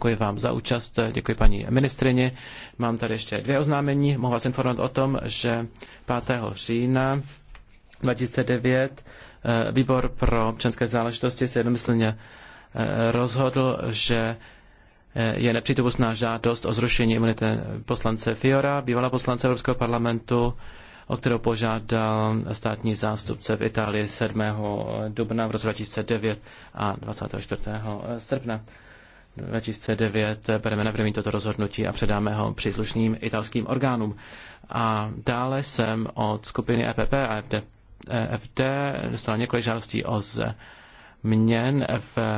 Děkuji vám za účast, děkuji paní ministrině. Mám tady ještě dvě oznámení. Mohu vás informovat o tom, že 5. října 2009 eh, výbor pro občanské záležitosti se jednomyslně eh, rozhodl, že eh, je nepřítomná žádost o zrušení imunity poslance Fiora, bývalá poslance Evropského parlamentu, o kterou požádal státní zástupce v Itálii 7. dubna v roce 2009 a 24. srpna. 2009 bereme na vědomí toto rozhodnutí a předáme ho příslušným italským orgánům. A dále jsem od skupiny EPP a FD, e FD dostal několik žádostí o změn v